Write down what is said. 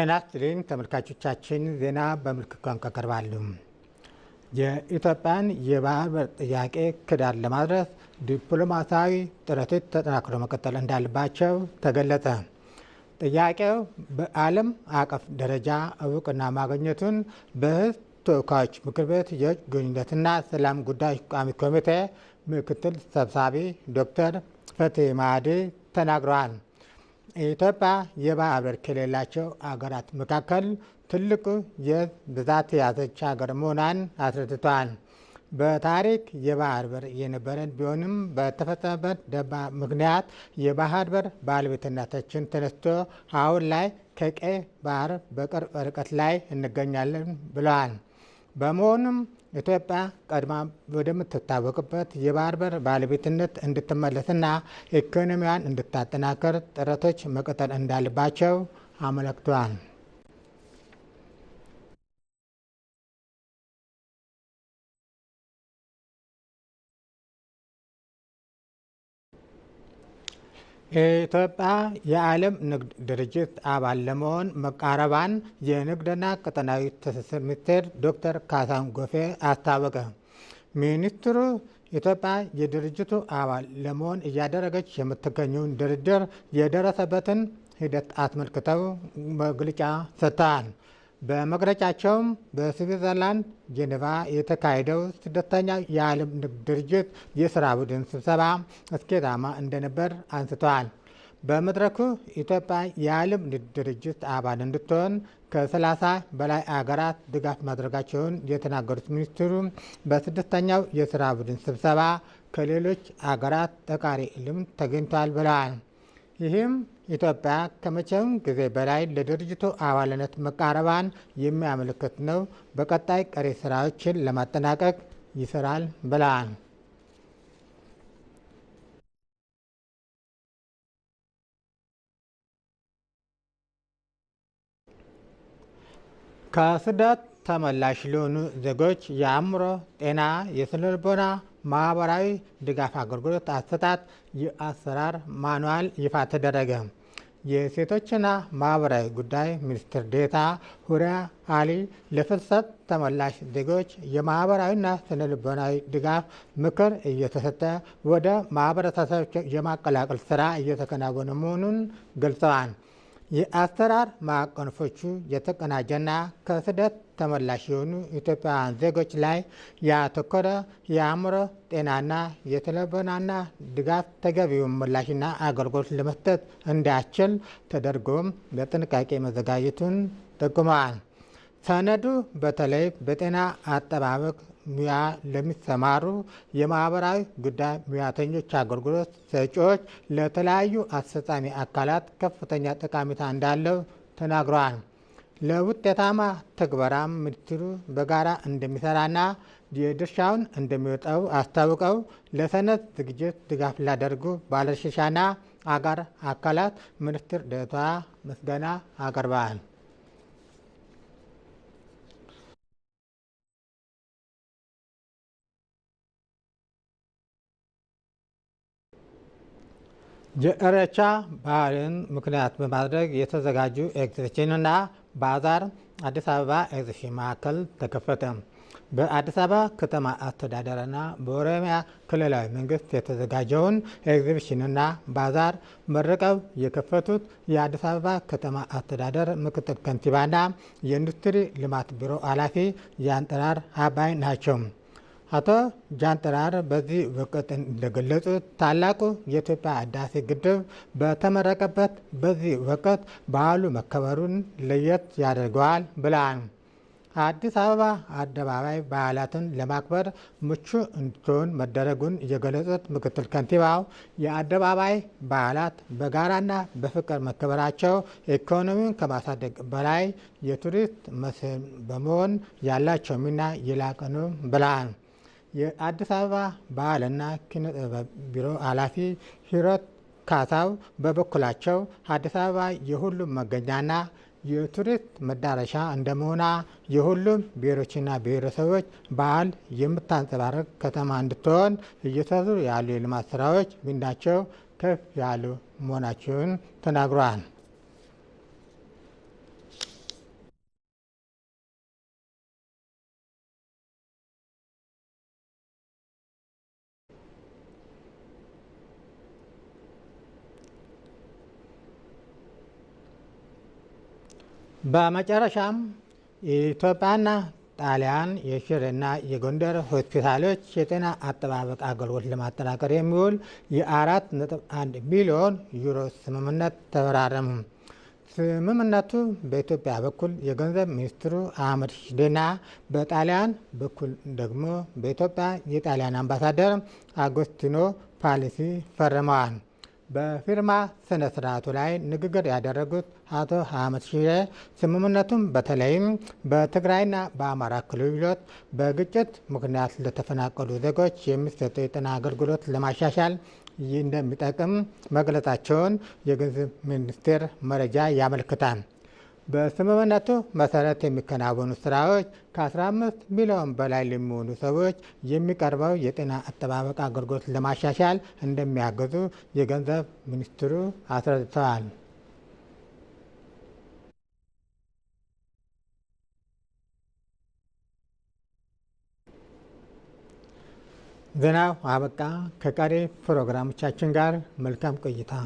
ጤና ይስጥልኝ ተመልካቾቻችን፣ ዜና በምልክት ቋንቋ ቀርባሉ። የኢትዮጵያን የባህር በር ጥያቄ ክዳን ለማድረስ ዲፕሎማሲያዊ ጥረቶች ተጠናክሮ መቀጠል እንዳለባቸው ተገለጸ። ጥያቄው በዓለም አቀፍ ደረጃ እውቅና ማግኘቱን በህዝብ ተወካዮች ምክር ቤት የውጭ ግንኙነትና ሰላም ጉዳዮች ቋሚ ኮሚቴ ምክትል ሰብሳቢ ዶክተር ፈትሄ ማዕዲ ተናግረዋል። ኢትዮጵያ የባህበር ከሌላቸው አገራት መካከል ትልቁ የብዛት የያዘች ሀገር መሆኗን አስረድቷል በታሪክ የባህር በር የነበረን ቢሆንም በተፈጸመበት ደባ ምክንያት የባህር በር ባለቤትነታችን ተነስቶ አሁን ላይ ከቀይ ባህር በቅርብ ርቀት ላይ እንገኛለን ብለዋል። በመሆኑም ኢትዮጵያ ቀድማ ወደምትታወቅበት የባህር በር ባለቤትነት እንድትመለስና ኢኮኖሚዋን እንድታጠናከር ጥረቶች መቀጠል እንዳለባቸው አመለክተዋል። ኢትዮጵያ የዓለም ንግድ ድርጅት አባል ለመሆን መቃረባን የንግድና ቀጠናዊ ትስስር ሚኒስቴር ዶክተር ካሳን ጎፌ አስታወቀ። ሚኒስትሩ ኢትዮጵያ የድርጅቱ አባል ለመሆን እያደረገች የምትገኘውን ድርድር የደረሰበትን ሂደት አስመልክተው መግለጫ ሰጥተዋል። በመግለጫቸውም በስዊዘርላንድ ጄኔቫ የተካሄደው ስደተኛ የዓለም ንግድ ድርጅት የስራ ቡድን ስብሰባ ስኬታማ እንደነበር አንስተዋል። በመድረኩ ኢትዮጵያ የዓለም ንግድ ድርጅት አባል እንድትሆን ከ30 በላይ አገራት ድጋፍ ማድረጋቸውን የተናገሩት ሚኒስትሩ በስድስተኛው የስራ ቡድን ስብሰባ ከሌሎች አገራት ጠቃሪ ልምድ ተገኝቷል ብለዋል። ይህም ኢትዮጵያ ከመቼውም ጊዜ በላይ ለድርጅቱ አባልነት መቃረባን የሚያመለክት ነው። በቀጣይ ቀሪ ስራዎችን ለማጠናቀቅ ይሰራል ብለዋል። ከስደት ተመላሽ ለሆኑ ዜጎች የአእምሮ ጤና፣ የስነልቦና ማህበራዊ ድጋፍ አገልግሎት አሰጣጥ የአሰራር ማንዋል ይፋ ተደረገ። የሴቶችና ማህበራዊ ጉዳይ ሚኒስትር ዴታ ሁሪያ አሊ ለፍልሰት ተመላሽ ዜጎች የማህበራዊና ስነልቦናዊ ድጋፍ ምክር እየተሰጠ ወደ ማህበረሰብ የማቀላቀል ስራ እየተከናወነ መሆኑን ገልጸዋል። የአሰራር ማዕቀፎቹ የተቀናጀና ከስደት ተመላሽ የሆኑ ኢትዮጵያውያን ዜጎች ላይ ያተኮረ የአእምሮ ጤናና የትለበናና ድጋፍ ተገቢውን ምላሽና አገልግሎት ለመስጠት እንዲያስችል ተደርጎም በጥንቃቄ መዘጋጀቱን ጠቁመዋል። ሰነዱ በተለይ በጤና አጠባበቅ ሙያ ለሚሰማሩ የማህበራዊ ጉዳይ ሙያተኞች፣ አገልግሎት ሰጪዎች፣ ለተለያዩ አስፈጻሚ አካላት ከፍተኛ ጠቃሚታ እንዳለው ተናግረዋል። ለውጤታማ ትግበራም ሚኒስትሩ በጋራ እንደሚሰራና የድርሻውን እንደሚወጣው አስታውቀው ለሰነድ ዝግጅት ድጋፍ ላደርጉ ባለሽሻና አጋር አካላት ሚኒስትር ዴኤታ ምስጋና አቅርበዋል። የእረቻ ባህልን ምክንያት በማድረግ የተዘጋጁ ኤግዚቢሽንና ባዛር አዲስ አበባ ኤግዚቢሽን ማዕከል ተከፈተ። በአዲስ አበባ ከተማ አስተዳደርና በኦሮሚያ ክልላዊ መንግስት የተዘጋጀውን ኤግዚቢሽንና ባዛር መርቀው የከፈቱት የአዲስ አበባ ከተማ አስተዳደር ምክትል ከንቲባና የኢንዱስትሪ ልማት ቢሮ ኃላፊ ያንጠራር አባይ ናቸው። አቶ ጃንጥራር በዚህ ወቅት እንደገለጹት ታላቁ የኢትዮጵያ ህዳሴ ግድብ በተመረቀበት በዚህ ወቅት በዓሉ መከበሩን ለየት ያደርገዋል ብለዋል። አዲስ አበባ አደባባይ በዓላትን ለማክበር ምቹ እንዲሆን መደረጉን የገለጹት ምክትል ከንቲባው የአደባባይ በዓላት በጋራና በፍቅር መከበራቸው ኢኮኖሚውን ከማሳደግ በላይ የቱሪስት መስህብ በመሆን ያላቸው ሚና የላቀ ነው ብለዋል። የአዲስ አበባ ባህልና ኪነ ጥበብ ቢሮ ኃላፊ ሂሮት ካሳው በበኩላቸው አዲስ አበባ የሁሉም መገኛና የቱሪስት መዳረሻ እንደመሆኗ የሁሉም ብሔሮችና ብሔረሰቦች ባህል የምታንጸባርቅ ከተማ እንድትሆን እየሰሩ ያሉ የልማት ስራዎች ሚናቸው ከፍ ያሉ መሆናቸውን ተናግረዋል። በመጨረሻም የኢትዮጵያና ጣሊያን የሽሬና የጎንደር ሆስፒታሎች የጤና አጠባበቅ አገልግሎት ለማጠናከር የሚውል የአራት ነጥብ አንድ ሚሊዮን ዩሮ ስምምነት ተፈራረሙ። ስምምነቱ በኢትዮጵያ በኩል የገንዘብ ሚኒስትሩ አህመድ ሽዴና በጣሊያን በኩል ደግሞ በኢትዮጵያ የጣሊያን አምባሳደር አጎስቲኖ ፓሊሲ ፈርመዋል። በፊርማ ስነ ስርዓቱ ላይ ንግግር ያደረጉት አቶ ሀመድ ሺሬ ስምምነቱም በተለይም በትግራይና በአማራ ክልሎች በግጭት ምክንያት ለተፈናቀሉ ዜጎች የሚሰጡ የጤና አገልግሎት ለማሻሻል እንደሚጠቅም መግለጻቸውን የገንዘብ ሚኒስቴር መረጃ ያመልክታል። በስምምነቱ መሰረት የሚከናወኑ ስራዎች ከ15 ሚሊዮን በላይ ለሚሆኑ ሰዎች የሚቀርበው የጤና አጠባበቅ አገልግሎት ለማሻሻል እንደሚያግዙ የገንዘብ ሚኒስትሩ አስረድተዋል። ዜናው አበቃ። ከቀሪ ፕሮግራሞቻችን ጋር መልካም ቆይታ